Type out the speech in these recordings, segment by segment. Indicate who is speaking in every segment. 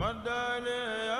Speaker 1: madale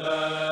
Speaker 1: la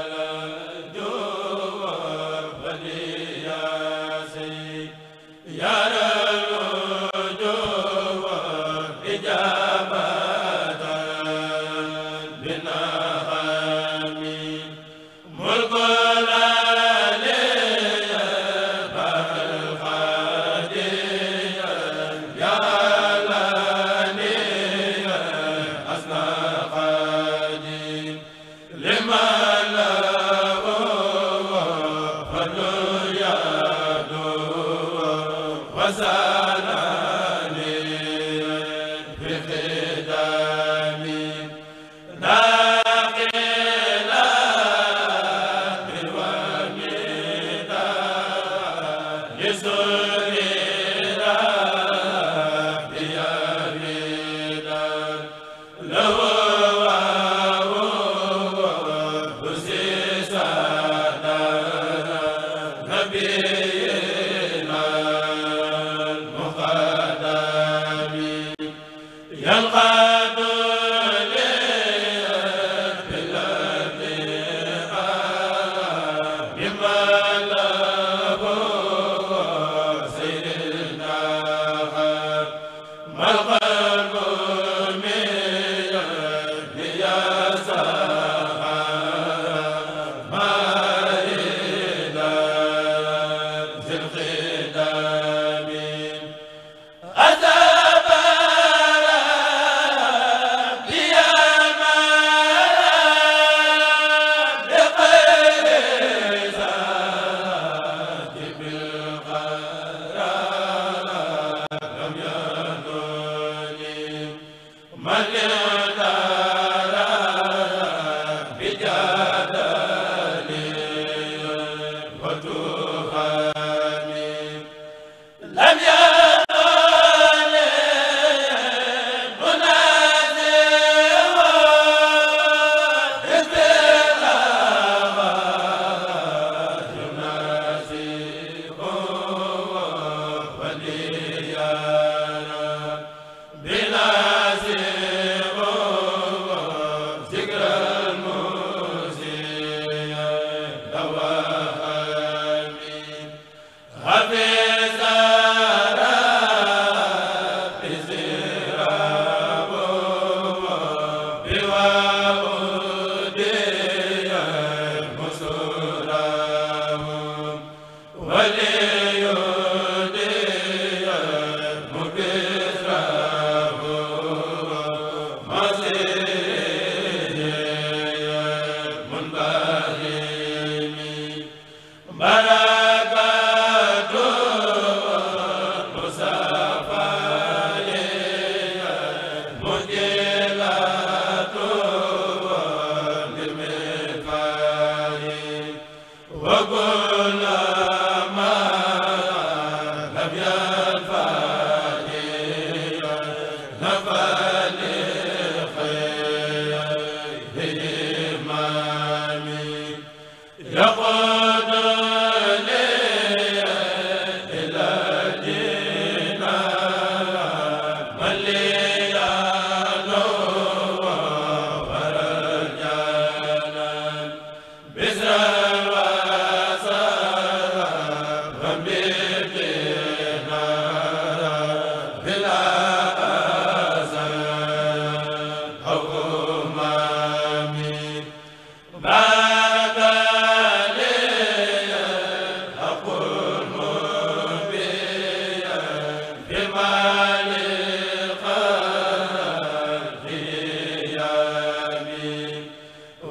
Speaker 1: bi male wa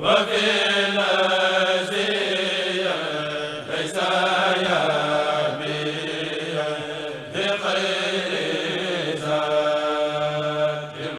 Speaker 1: wa